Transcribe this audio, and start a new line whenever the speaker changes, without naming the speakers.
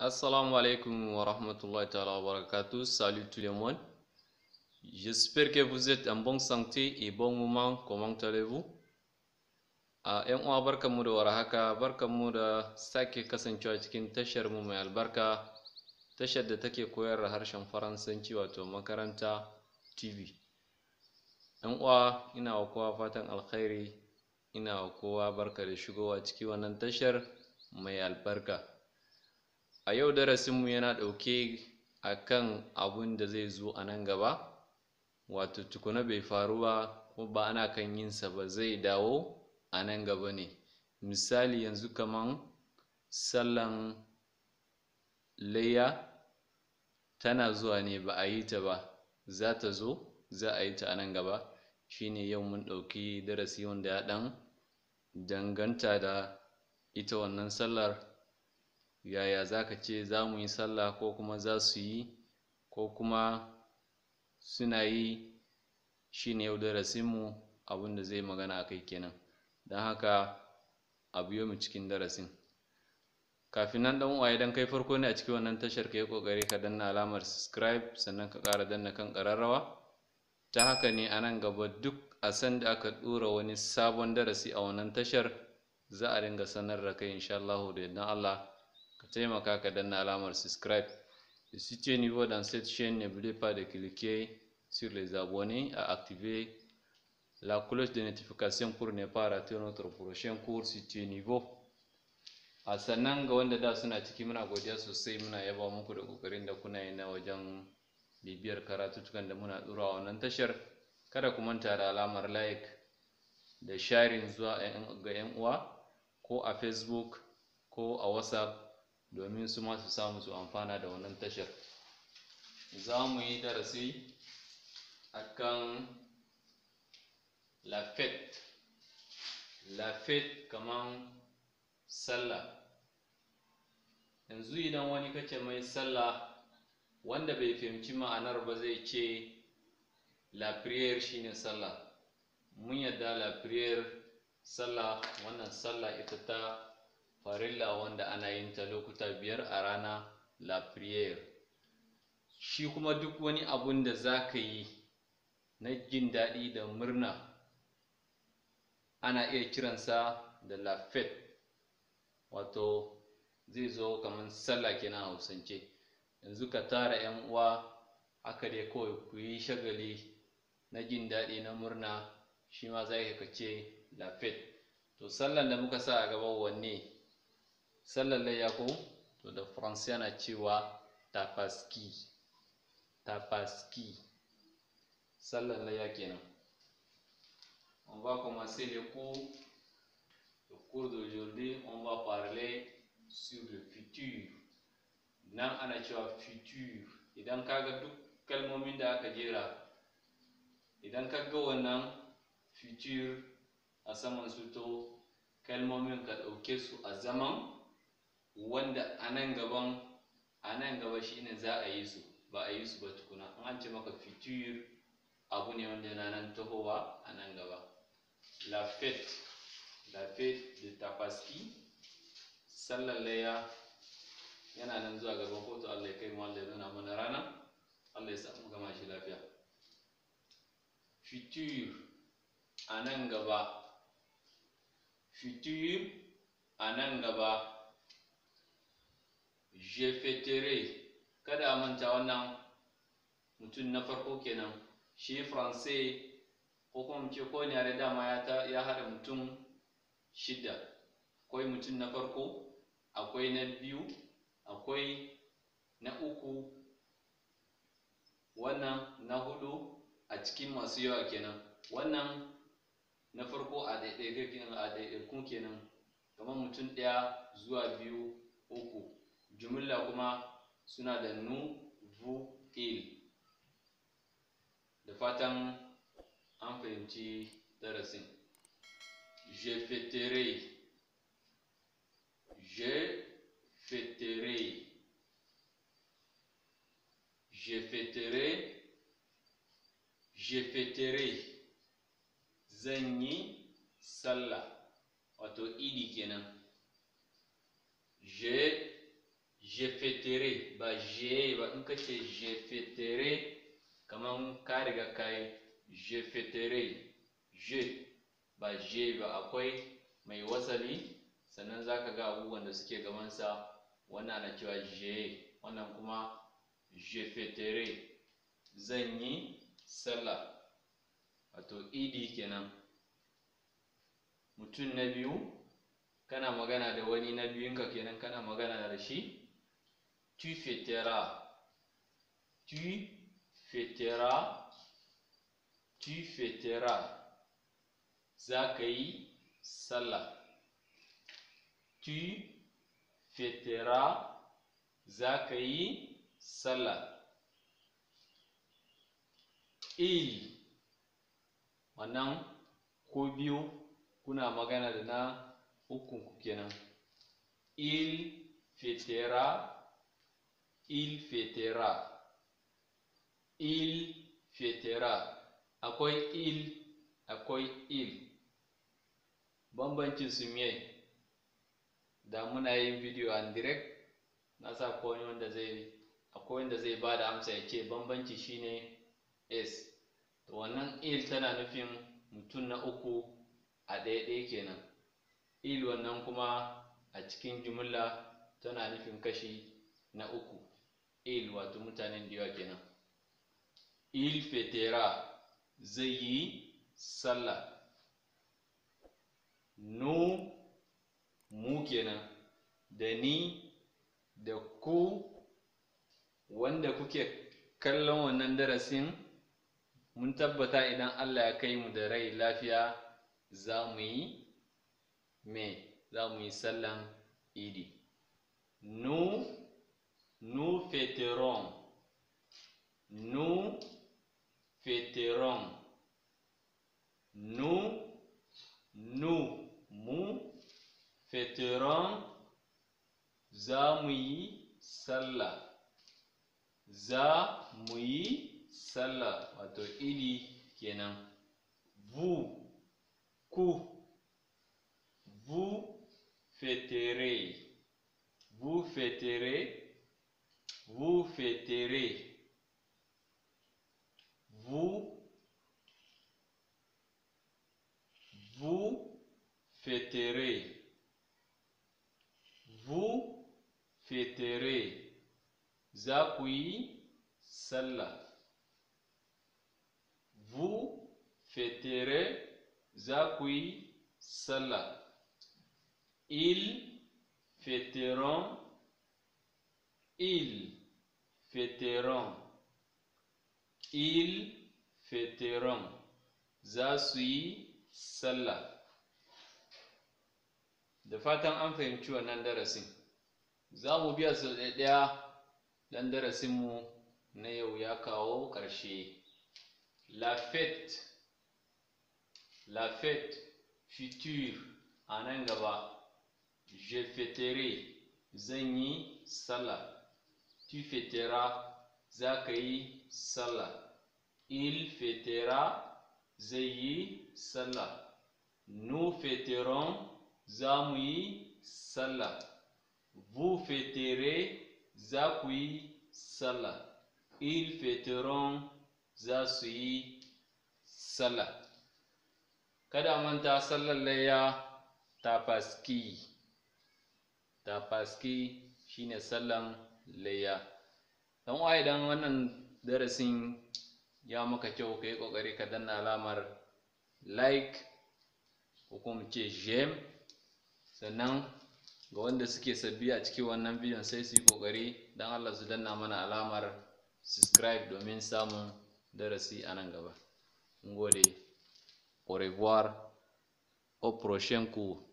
Assalamu alaikum wa rahmatullahi ta'ala wa barakatuh. Salut tout le monde. J'espère que vous êtes en bonne santé et bon moment. Comment allez-vous? A ah, ‘yan uwa barkanmu da warhaka, barkanmu da sake kasancewa cikin tashar mu mai albarka, tashar da take koyar da harshen Faransanci wato makaranta TV. ‘Yan uwa ina wa kowa fatan alkhairi, ina wa kowa barka da shigowa ciki wannan tashar mai albarka. A yau darasinmu yana ɗauke a kan abun da zai zo a nan gaba, wato tukuna bai faru ba ko ba ana kan yinsa ba zai dawo a nan gaba ne. Misali yanzu kaman sallan layya tana zuwa ne ba a yi ta ba, za ta zo za a yi ta a nan gaba, shine yau mun ɗauki darasi wanda ya ɗan danganta da ita wannan sallar. yaya za ka ce za mu yi sallah ko kuma za su yi ko kuma suna yi shi ne yau darasinmu abin da zai magana a kai kenan don haka a biyo mu cikin darasin kafin nan dan uwaye dan kai farko ne a cikin wannan tashar ka yi kokari ka danna alamar subscribe sannan ka ƙara danna kan ƙararrawa ta haka ne a nan gaba duk a san da aka ɗora wani sabon darasi a wannan tashar za a dinga sanar da kai insha Allah da yardan Allah ka taimaka ka danna alamar subscribe da site niveau dans cette chaîne n'oubliez pas de cliquer sur les abonnés à activer la cloche de notification pour ne pas rater notre prochain cours niveau a sannan ga wanda da suna ciki muna godiya sosai muna yaba muku da kokarin da kuna yi na wajen bibiyar karatutukan da muna a wannan tashar kada ku manta da alamar like da sharing zuwa ga 'yan uwa ko a facebook ko a whatsapp domin su ma samu su amfana da wannan tashar za mu yi darasi akan lafet lafet kaman sallah yanzu idan wani kace mai sallah wanda bai fahimci ma'anar ba zai ce la shi shine sallah mun yadda la prière sallah wannan sallah ita ta farilla wanda ana yin ta lokuta biyar a rana la prière shi kuma duk wani abun da za ka yi na jin daɗi da murna ana iya kiransa da la fête wato zai zo kamar sallah kenan hausance yanzu ka tara 'yan uwa haka dai kawai ku yi shagali na jin daɗi na murna shi ma za ka ce la fête to sallan da muka sa a gaba wanne sallar ya ko to da faransa yana cewa tafaski tafaski sallar ya kenan on va commencer le cours le cours d'aujourd'hui on va parler sur le futur nan ana cewa futur idan kaga duk kalmomin da aka jera idan kaga wannan futur a saman su to kalmomin ka ɗauke su a zaman wanda a nan gaban a nan gaba shine za a yi su ba a yi su ba tukuna an an ce maka fitur abu ne wanda yana nan tahowa a nan gaba la fête la fête de tapaski sallar laya yana nan zuwa gaban kotu Allah ya kai mu Allah ya nuna mana rana Allah ya sa mu gama shi lafiya fitur a nan gaba fitur a nan gaba jefetere kada a manta wannan mutum na farko kenan shi francais ko kuma ce ko ne da dama ya haɗa mutum shida akwai mutum na farko akwai na biyu akwai na uku wannan na hudu a cikin masu yawa kenan wannan na farko a ɗaiɗaikun kenan kamar mutum ɗaya zuwa biyu uku jumla kuma suna da nu vu il da fatan an fahimci darasin je fêterai je fêterai je fêterai je fêterai zan yi sallah wato idi kenan je ba in ka ce jefetere fetere kamar ka riga ka yi je je ba je ba akwai mai wasali sannan za ka ga abubuwan da suke gabansa wannan ana cewa je wannan kuma jefetere zan yi sallah wato idi kenan mutum na biyu kana magana da wani na biyunka kenan kana magana da shi tu fêteras, tu fêteras, tu fêteras, za ka yi sallah, tu fêteras, za ka yi Il, wannan ko biyu kuna magana da na ukunku kenan. Il fêtera il fetera il fetera akwai il akwai il bambancin su me da muna yin video and direct na sa akwai wanda zai akwai wanda zai ba da amsa ya ce bambanci shine s to wannan il tana nufin mutum na uku a ɗaya-ɗaya kenan il wannan kuma a cikin jumla tana nufin kashi na uku il wato mutanen da kenan il fetera zai yi sallah nu mu kenan da ni da ku wanda kuke kallon wannan darasin mun tabbata idan Allah ya kai mu da rai lafiya za mu yi me za mu yi sallan idi nu Nous fêterons. Nous fêterons. Nous, nous, nous fêterons Zamui salla. Za salla. yi sallah wato iri kenan. Vous, ku, vous fêterez. Vous fêterez vous fêterez, vous, vous fêterez, vous fêterez, Zakui sala. vous fêterez, Zakui sala. ils fêteront, ils feteront ils feteront za su yi sallah da fatan an fahimci wannan darasin za mu biya su ɗaya darasin darasinmu na yau ya kawo ƙarshe la fête la fête future a nan gaba je fêterai zan yi sallah Tu fêteras za ka yi sallah. Il fêtera zai yi sallah. Nous fêterons za mu yi sallah. Vous fêterez za ku yi sallah. Ils fêteront za su yi sallah. Kada manta sallar layya tafaski. Tafaski shine sallan layya dan waye idan wannan darasin ya maka kyau ka yi ƙoƙari ka danna alamar like ko kuma ce sannan ga wanda suke sabbi a cikin wannan bidiyon sai su yi ƙoƙari dan allah su danna mana alamar subscribe domin samun darasi a nan gaba ngode au revoir au prochain cours